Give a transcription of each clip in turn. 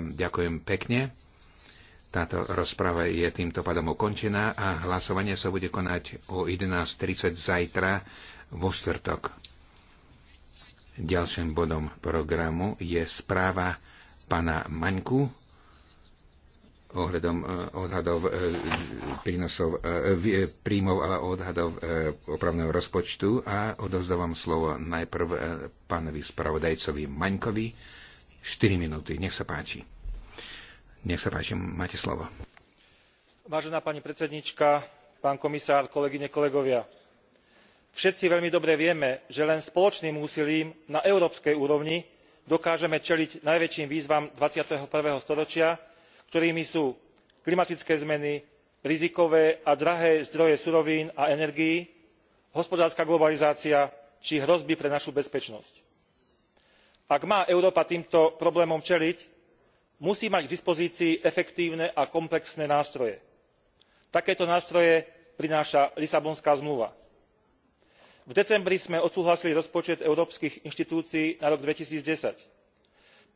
Ďakujem pekne. Táto rozprava je týmto pádom ukončená a hlasovanie sa bude konať o 11.30 zajtra vo štvrtok. Ďalším bodom programu je správa pana Maňku ohľadom e, odhadov e, prínosov, e, príjmov a odhadov opravného rozpočtu a odozdávam slovo najprv pánovi spravodajcovi Maňkovi. 4 minúty. Nech sa páči. Nech sa páči, máte slovo. Vážená pani predsednička, pán komisár, kolegyne, kolegovia. Všetci veľmi dobre vieme, že len spoločným úsilím na európskej úrovni dokážeme čeliť najväčším výzvam. 21. storočia ktorými sú klimatické zmeny rizikové a drahé zdroje surovín a energií hospodárska globalizácia či hrozby pre našu bezpečnosť ak má európa týmto problémom čeliť musí mať k dispozícii efektívne a komplexné nástroje. takéto nástroje prináša lisabonská zmluva. v decembri sme odsúhlasili rozpočet európskych inštitúcií na rok. two thousand and ten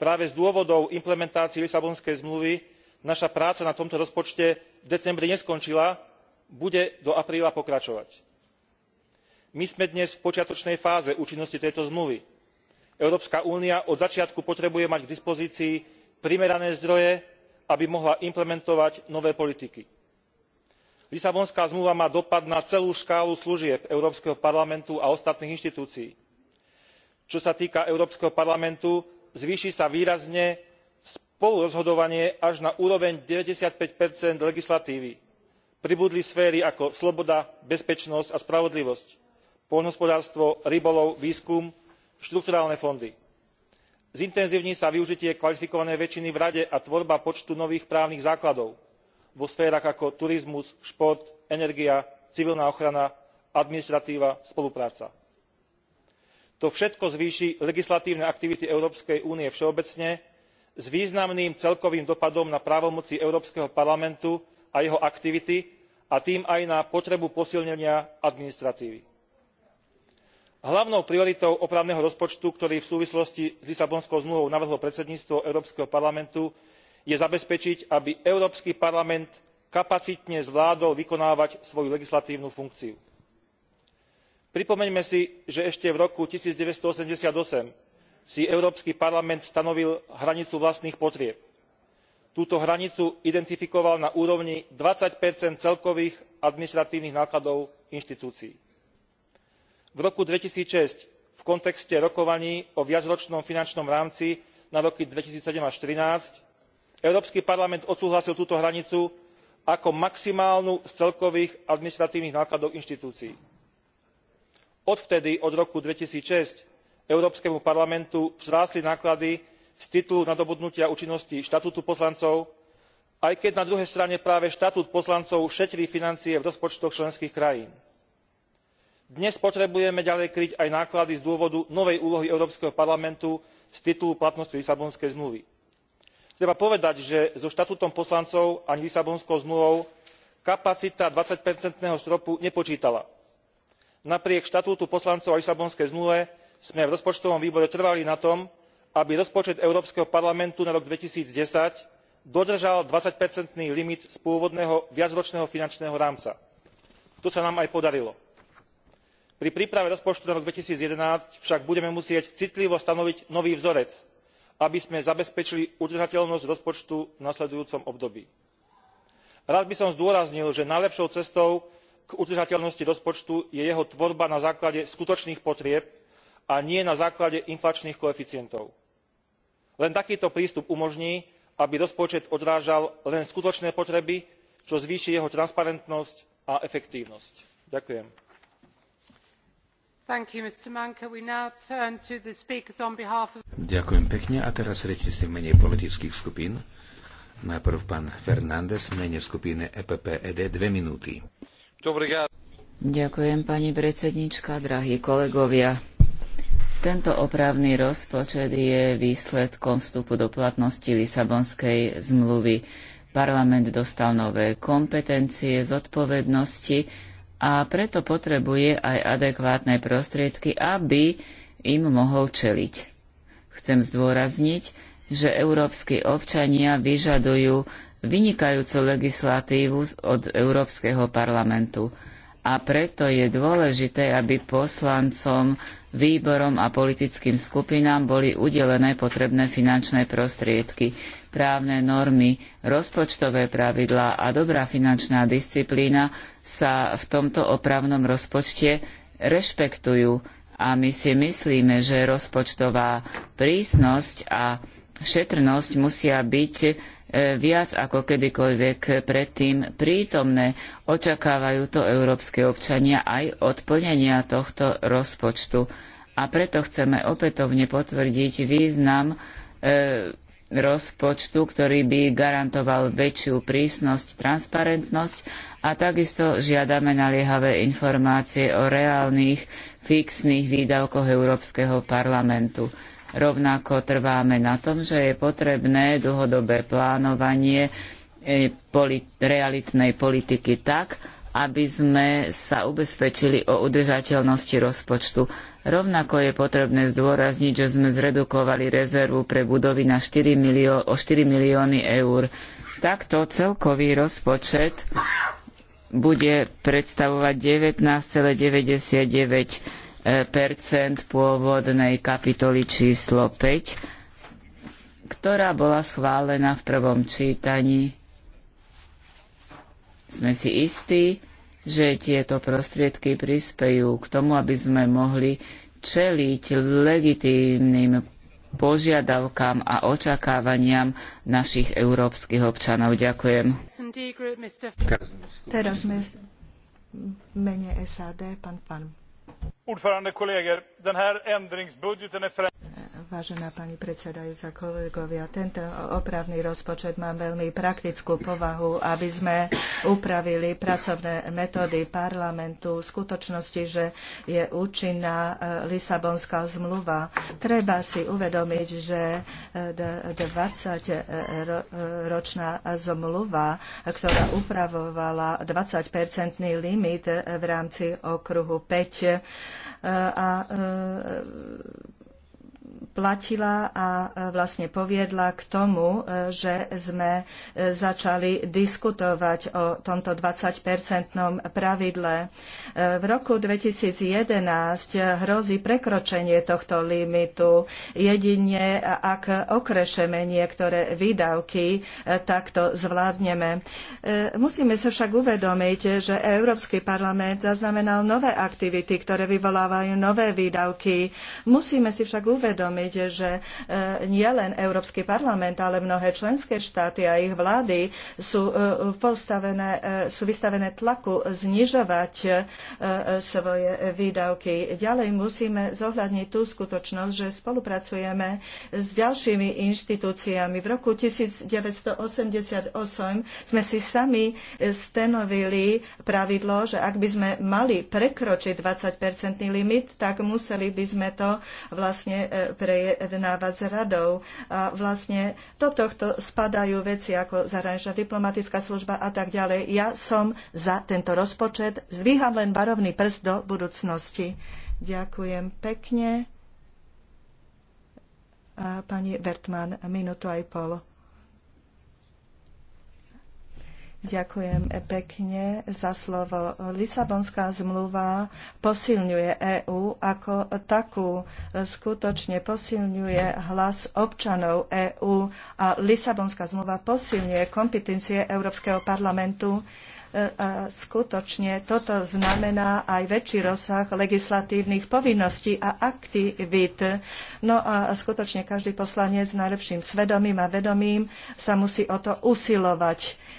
práve z dôvodov implementácie lisabonskej zmluvy naša práca na tomto rozpočte v decembri neskončila bude do apríla pokračovať. my sme dnes v počiatočnej fáze účinnosti tejto zmluvy európska únia od začiatku potrebuje mať k dispozícii primerané zdroje aby mohla implementovať nové politiky. lisabonská zmluva má dopad na celú škálu služieb európskeho parlamentu a ostatných inštitúcií. čo sa týka európskeho parlamentu zvýši sa výrazne spolurozhodovanie až na úroveň ninety five legislatívy. pribudli sféry ako sloboda bezpečnosť a spravodlivosť poľnohospodárstvo rybolov výskum štrukturálne fondy zintenzívni sa využitie kvalifikovanej väčšiny v rade a tvorba počtu nových právnych základov vo sférach ako turizmus šport energia civilná ochrana administratíva spolupráca. to všetko zvýši legislatívne aktivity európskej únie všeobecne s významným celkovým dopadom na právomoci európskeho parlamentu a jeho aktivity a tým aj na potrebu posilnenia administratívy hlavnou prioritou opravného rozpočtu ktorý v súvislosti s lisabonskou zmluvou navrhlo predsedníctvo európskeho parlamentu je zabezpečiť aby európsky parlament kapacitne zvládol vykonávať svoju legislatívnu funkciu. pripomeňme si že ešte v roku one thousand nine hundred and eighty eight si európsky parlament stanovil hranicu vlastných potrieb. túto hranicu identifikoval na úrovni twenty celkových administratívnych nákladov inštitúcií v roku two thousand and six v kontexte rokovaní o viacročnom finančnom rámci na roky two thousand and seven až two thousand and thirteen európsky parlament odsúhlasil túto hranicu ako maximálnu z celkových administratívnych nákladov inštitúcií. odvtedy od roku two thousand and six európskemu parlamentu vzrástli náklady z titulu nadobudnutia účinnosti štatútu poslancov aj keď na druhej strane práve štatút poslancov šetrí financie v rozpočtoch členských krajín dnes potrebujeme ďalej kryť aj náklady z dôvodu novej úlohy európskeho parlamentu z titulu platnosti lisabonskej zmluvy. treba povedať že so štatútom poslancov ani lisabonskou zmluvou kapacita twenty percentného stropu nepočítala. napriek štatútu poslancov a lisabonskej zmluve sme v rozpočtovom výbore trvali na tom aby rozpočet európskeho parlamentu na rok two thousand and ten dodržal twenty percentný limit z pôvodného viacročného finančného rámca. to sa nám aj podarilo pri príprave rozpočtu na rok two thousand and eleven však budeme musieť citlivo stanoviť nový vzorec aby sme zabezpečili udržateľnosť rozpočtu v nasledujúcom období. rád by som zdôraznil že najlepšou cestou k udržateľnosti rozpočtu je jeho tvorba na základe skutočných potrieb a nie na základe inflačných koeficientov. len takýto prístup umožní aby rozpočet odrážal len skutočné potreby čo zvýši jeho transparentnosť a efektívnosť. ďakujem. Ďakujem pekne a teraz rečníci v mene politických skupín. Najprv pán Fernández v mene skupiny EPPED dve minúty. Ďakujem pani predsednička, drahí kolegovia. Tento opravný rozpočet je výsledkom vstupu do platnosti Lisabonskej zmluvy. Parlament dostal nové kompetencie, zodpovednosti, a preto potrebuje aj adekvátne prostriedky, aby im mohol čeliť. Chcem zdôrazniť, že európsky občania vyžadujú vynikajúcu legislatívu od Európskeho parlamentu a preto je dôležité, aby poslancom, výborom a politickým skupinám boli udelené potrebné finančné prostriedky právne normy, rozpočtové pravidlá a dobrá finančná disciplína sa v tomto opravnom rozpočte rešpektujú a my si myslíme, že rozpočtová prísnosť a šetrnosť musia byť e, viac ako kedykoľvek predtým prítomné. Očakávajú to európske občania aj od plnenia tohto rozpočtu. A preto chceme opätovne potvrdiť význam e, rozpočtu, ktorý by garantoval väčšiu prísnosť, transparentnosť a takisto žiadame naliehavé informácie o reálnych fixných výdavkoch Európskeho parlamentu. Rovnako trváme na tom, že je potrebné dlhodobé plánovanie eh, realitnej politiky tak, aby sme sa ubezpečili o udržateľnosti rozpočtu. Rovnako je potrebné zdôrazniť, že sme zredukovali rezervu pre budovy na 4 milió- o 4 milióny eur. Takto celkový rozpočet bude predstavovať 19,99 pôvodnej kapitoly číslo 5, ktorá bola schválená v prvom čítaní sme si istí, že tieto prostriedky prispejú k tomu, aby sme mohli čeliť legitímnym požiadavkám a očakávaniam našich európskych občanov. Ďakujem. Teraz sme mene SAD, pán pán. Ordförande kolleger, vážená pani predsedajúca, kolegovia. Tento opravný rozpočet má veľmi praktickú povahu, aby sme upravili pracovné metódy parlamentu v skutočnosti, že je účinná e, Lisabonská zmluva. Treba si uvedomiť, že 20-ročná e, e, zmluva, ktorá upravovala 20-percentný limit v rámci okruhu 5, a platila a e, vlastne poviedla k tomu, e, že sme e, začali diskutovať o tomto 20-percentnom pravidle. V roku 2011 hrozí prekročenie tohto limitu. Jedine ak okrešeme niektoré výdavky, takto zvládneme. Musíme sa však uvedomiť, že Európsky parlament zaznamenal nové aktivity, ktoré vyvolávajú nové výdavky. Musíme si však uvedomiť, uvedomiť, že e, nie len Európsky parlament, ale mnohé členské štáty a ich vlády sú, e, postavené, e, sú vystavené tlaku znižovať svoje výdavky. Ďalej musíme zohľadniť tú skutočnosť, že spolupracujeme s ďalšími inštitúciami. V roku 1988 sme si sami stanovili pravidlo, že ak by sme mali prekročiť 20-percentný limit, tak museli by sme to vlastne pre prejednávať s radou. A vlastne do tohto spadajú veci ako zahraničná diplomatická služba a tak ďalej. Ja som za tento rozpočet. Zvíham len varovný prst do budúcnosti. Ďakujem pekne. A pani Bertman, minútu aj pol. Ďakujem e, pekne za slovo. Lisabonská zmluva posilňuje EÚ ako takú. E, skutočne posilňuje hlas občanov EÚ a Lisabonská zmluva posilňuje kompetencie Európskeho parlamentu e, a skutočne toto znamená aj väčší rozsah legislatívnych povinností a aktivít. No a skutočne každý poslanec s najlepším svedomím a vedomím sa musí o to usilovať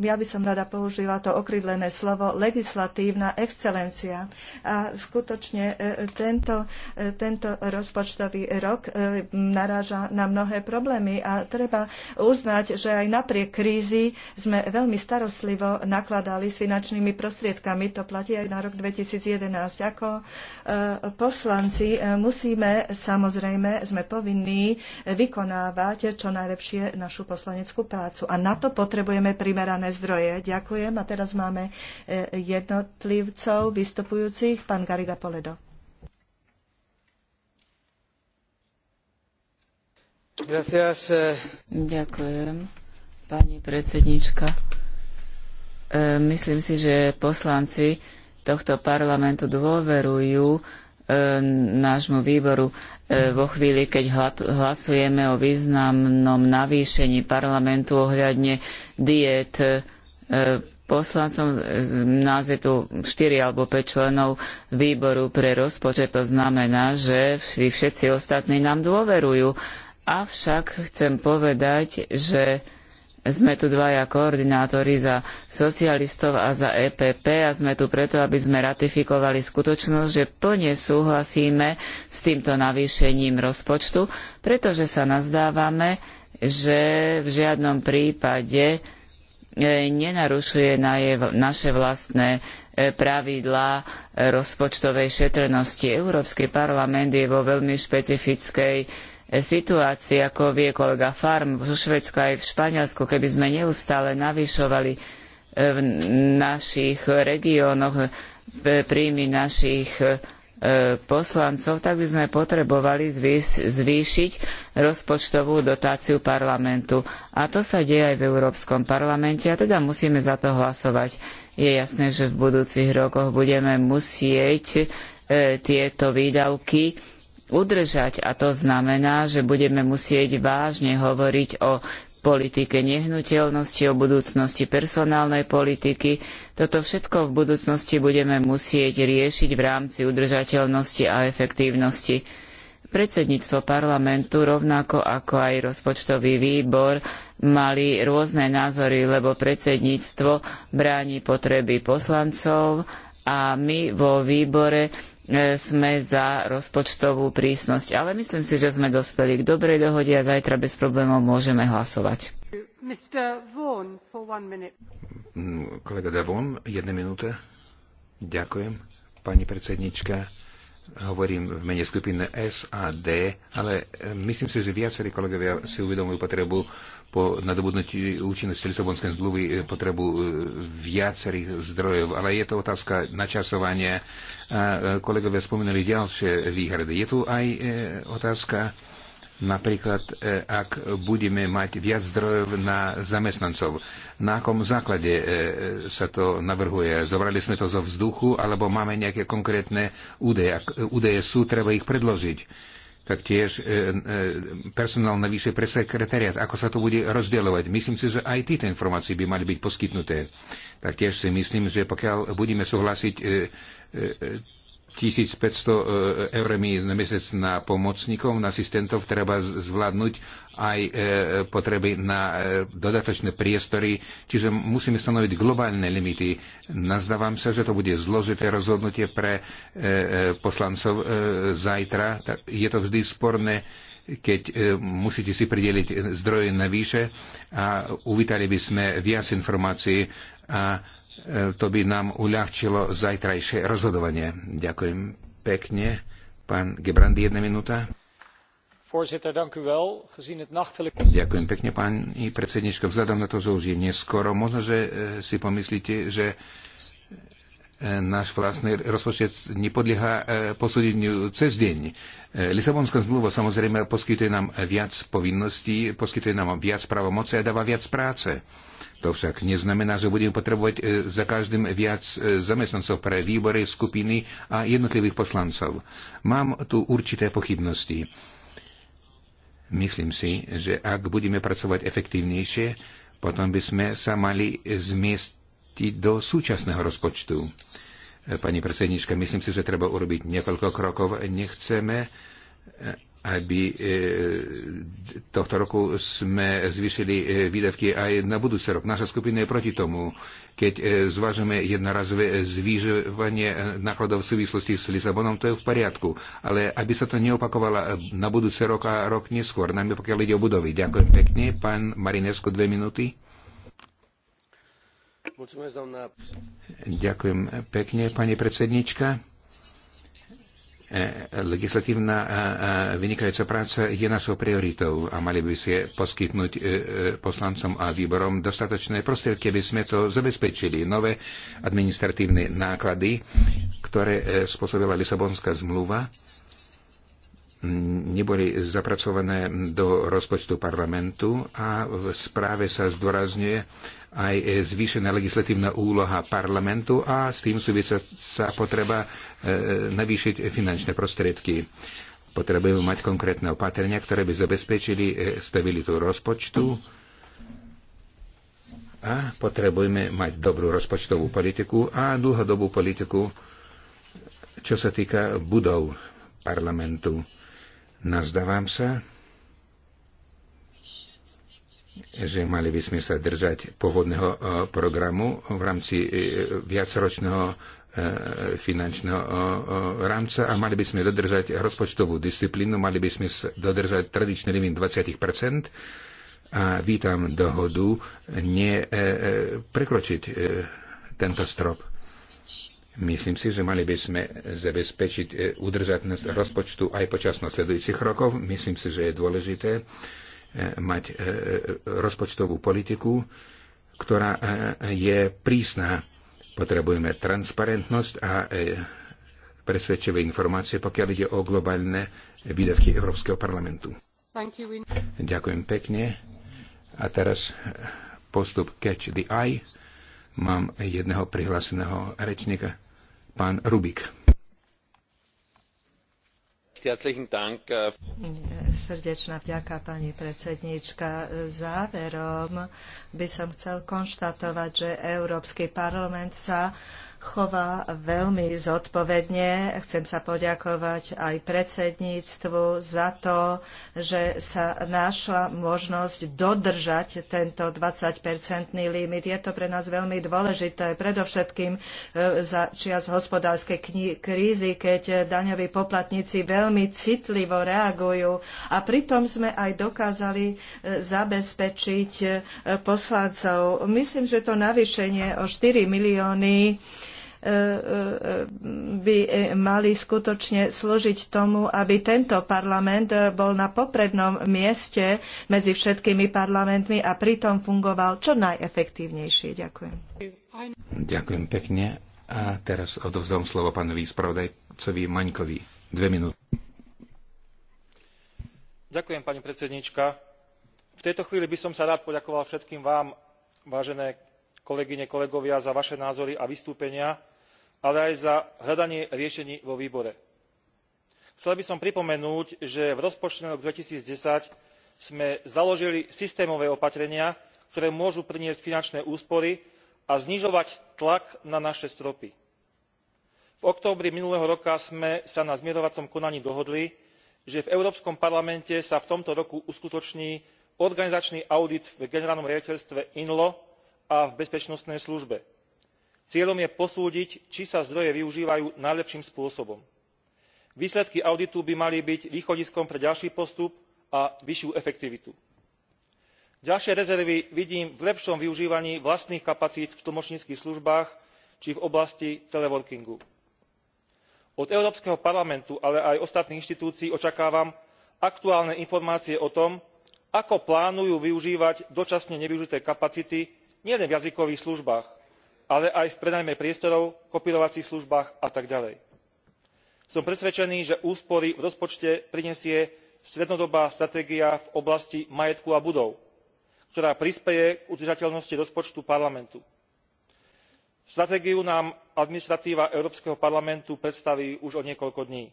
ja by som rada použila to okrydlené slovo legislatívna excelencia. A skutočne e, tento, e, tento rozpočtový rok e, naráža na mnohé problémy a treba uznať, že aj napriek krízi sme veľmi starostlivo nakladali s finančnými prostriedkami. To platí aj na rok 2011. Ako poslanci musíme, samozrejme, sme povinní vykonávať čo najlepšie našu poslaneckú prácu. A na to potrebujeme máme primerané zdroje. Ďakujem. A teraz máme e, jednotlivcov vystupujúcich. Pán Gariga Poledo. E. Ďakujem, pani predsednička. E, myslím si, že poslanci tohto parlamentu dôverujú nášmu výboru e, vo chvíli, keď hlasujeme o významnom navýšení parlamentu ohľadne diet e, poslancom. E, nás je tu 4 alebo 5 členov výboru pre rozpočet. To znamená, že všetci ostatní nám dôverujú. Avšak chcem povedať, že sme tu dvaja koordinátori za socialistov a za EPP a sme tu preto, aby sme ratifikovali skutočnosť, že plne súhlasíme s týmto navýšením rozpočtu, pretože sa nazdávame, že v žiadnom prípade e, nenarušuje na je, naše vlastné e, pravidlá e, rozpočtovej šetrnosti. Európsky parlament je vo veľmi špecifickej situácii, ako vie kolega Farm, v Švedsku aj v Španielsku, keby sme neustále navyšovali e, v našich regiónoch e, príjmy našich e, poslancov, tak by sme potrebovali zvýšiť rozpočtovú dotáciu parlamentu. A to sa deje aj v Európskom parlamente a teda musíme za to hlasovať. Je jasné, že v budúcich rokoch budeme musieť tieto výdavky udržať a to znamená, že budeme musieť vážne hovoriť o politike nehnuteľnosti, o budúcnosti personálnej politiky. Toto všetko v budúcnosti budeme musieť riešiť v rámci udržateľnosti a efektívnosti. Predsedníctvo parlamentu, rovnako ako aj rozpočtový výbor, mali rôzne názory, lebo predsedníctvo bráni potreby poslancov a my vo výbore E, sme za rozpočtovú prísnosť. Ale myslím si, že sme dospeli k dobrej dohode a zajtra bez problémov môžeme hlasovať. Vaughan, mm, Kolega De jedna minúta. Ďakujem. Pani predsednička, hovorím v mene skupiny SAD, ale eh, myslím si, že viacerí kolegovia si uvedomujú potrebu po nadobudnutí účinnosti Lisabonskej zmluvy eh, potrebu eh, viacerých zdrojov, ale je to otázka načasovania. A kolegovia spomínali ďalšie výhrady. Je tu aj otázka Napríklad, e, ak budeme mať viac zdrojov na zamestnancov, na akom základe e, sa to navrhuje? Zobrali sme to zo vzduchu, alebo máme nejaké konkrétne údaje? Ak e, údaje sú, treba ich predložiť. Taktiež personál na vyššie pre sekretariat. Ako sa to bude rozdielovať? Myslím si, že aj tieto informácie by mali byť poskytnuté. Tak tiež si myslím, že pokiaľ budeme súhlasiť 1500 e, eurami na mesiac na pomocníkov, na asistentov treba zvládnuť aj e, potreby na e, dodatočné priestory, čiže musíme stanoviť globálne limity. Nazdávam sa, že to bude zložité rozhodnutie pre poslancov zajtra. Je to vždy sporné, keď musíte si prideliť zdroje na výše a uvítali by sme viac informácií a E, to by nám uľahčilo zajtrajšie rozhodovanie. Ďakujem pekne. Pán Gebrandy, jedna minúta. Ďakujem pekne, pani predsednička. Vzhľadom na to, že už je neskoro, možno, že e, si pomyslíte, že E, náš vlastný rozpočet nepodlieha e, posúdeniu cez deň. E, Lisabonská zmluva samozrejme poskytuje nám viac povinností, poskytuje nám viac právomoci a dáva viac práce. To však neznamená, že budeme potrebovať za každým viac zamestnancov pre výbory, skupiny a jednotlivých poslancov. Mám tu určité pochybnosti. Myslím si, že ak budeme pracovať efektívnejšie, potom by sme sa mali zmiesť zahrnutí do súčasného rozpočtu. Pani predsednička, myslím si, že treba urobiť niekoľko krokov. Nechceme, aby e, tohto roku sme zvýšili e, výdavky aj na budúci rok. Naša skupina je proti tomu. Keď e, zvážime jednorazové zvýšovanie nákladov v súvislosti s Lisabonom, to je v poriadku. Ale aby sa to neopakovalo na budúci rok a rok neskôr, najmä pokiaľ ide o budovy. Ďakujem pekne. Pán Marinesko, dve minúty. Ďakujem pekne, pani predsednička. E, legislatívna e, e, vynikajúca práca je našou prioritou a mali by si poskytnúť poslancom a výborom dostatočné prostriedky, aby sme to zabezpečili. Nové administratívne náklady, ktoré spôsobila Lisabonská zmluva, neboli zapracované do rozpočtu parlamentu a v správe sa zdôrazňuje, aj e, zvýšená legislatívna úloha parlamentu a s tým súvisia sa potreba e, navýšiť finančné prostriedky. Potrebujeme mať konkrétne opatrenia, ktoré by zabezpečili e, stabilitu rozpočtu a potrebujeme mať dobrú rozpočtovú politiku a dlhodobú politiku, čo sa týka budov parlamentu. Nazdávam sa, že mali by sme sa držať pôvodného e, programu v rámci e, viacročného e, finančného rámca a mali by sme dodržať rozpočtovú disciplínu, mali by sme dodržať tradičný limit 20 a vítam dohodu nie prekročiť tento strop. Myslím si, že mali by sme zabezpečiť udržateľnosť rozpočtu aj počas nasledujúcich rokov. Myslím si, že je dôležité, mať e, e, rozpočtovú politiku, ktorá e, je prísna. Potrebujeme transparentnosť a presvedčivé informácie, pokiaľ ide o globálne výdavky Európskeho parlamentu. Ďakujem pekne. A teraz postup Catch the Eye. Mám jedného prihláseného rečníka, pán Rubik. Srdečná vďaka, pani predsedníčka. Záverom by som chcel konštatovať, že Európsky parlament sa chová veľmi zodpovedne. Chcem sa poďakovať aj predsedníctvu za to, že sa našla možnosť dodržať tento 20-percentný limit. Je to pre nás veľmi dôležité, predovšetkým e, za čias hospodárskej krízy, keď daňoví poplatníci veľmi citlivo reagujú. A pritom sme aj dokázali e, zabezpečiť e, poslancov. Myslím, že to navýšenie o 4 milióny by e, mali skutočne slúžiť tomu, aby tento parlament e, bol na poprednom mieste medzi všetkými parlamentmi a pritom fungoval čo najefektívnejšie. Ďakujem. Ďakujem pekne. A teraz odovzdám slovo pánovi spravodajcovi Maňkovi. Dve minúty. Ďakujem, pani predsednička. V tejto chvíli by som sa rád poďakoval všetkým vám, vážené kolegyne, kolegovia, za vaše názory a vystúpenia ale aj za hľadanie riešení vo výbore. chcel by som pripomenúť že v rozpočte na rok two thousand and ten sme založili systémové opatrenia ktoré môžu priniesť finančné úspory a znižovať tlak na naše stropy. v októbri minulého roka sme sa na zmierovacom konaní dohodli že v európskom parlamente sa v tomto roku uskutoční organizačný audit v generálnom riaditeľstve inlo a v bezpečnostnej službe cieľom je posúdiť či sa zdroje využívajú najlepším spôsobom. výsledky auditu by mali byť východiskom pre ďalší postup a vyššiu efektivitu. ďalšie rezervy vidím v lepšom využívaní vlastných kapacít v tlmočníckych službách či v oblasti teleworkingu. od európskeho parlamentu ale aj ostatných inštitúcií očakávam aktuálne informácie o tom ako plánujú využívať dočasne nevyužité kapacity nielen v jazykových službách ale aj v prenajme priestorov kopírovacích službách a tak ďalej. som presvedčený že úspory v rozpočte prinesie strednodobá stratégia v oblasti majetku a budov ktorá prispeje k udržateľnosti rozpočtu parlamentu. stratégiu nám administratíva európskeho parlamentu predstaví už o niekoľko dní.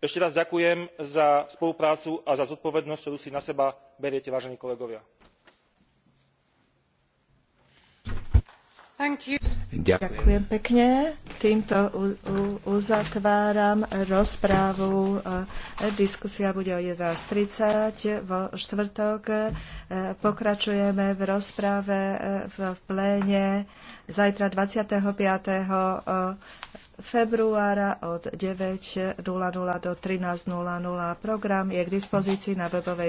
ešte raz ďakujem za spoluprácu a za zodpovednosť ktorú si na seba beriete vážení kolegovia. Ďakujem. pekne. Týmto uzatváram rozprávu. E, diskusia bude o 11.30 vo štvrtok. E, pokračujeme v rozprave e, v pléne zajtra 25. februára od 9.00 do 13.00. Program je k dispozícii na webovej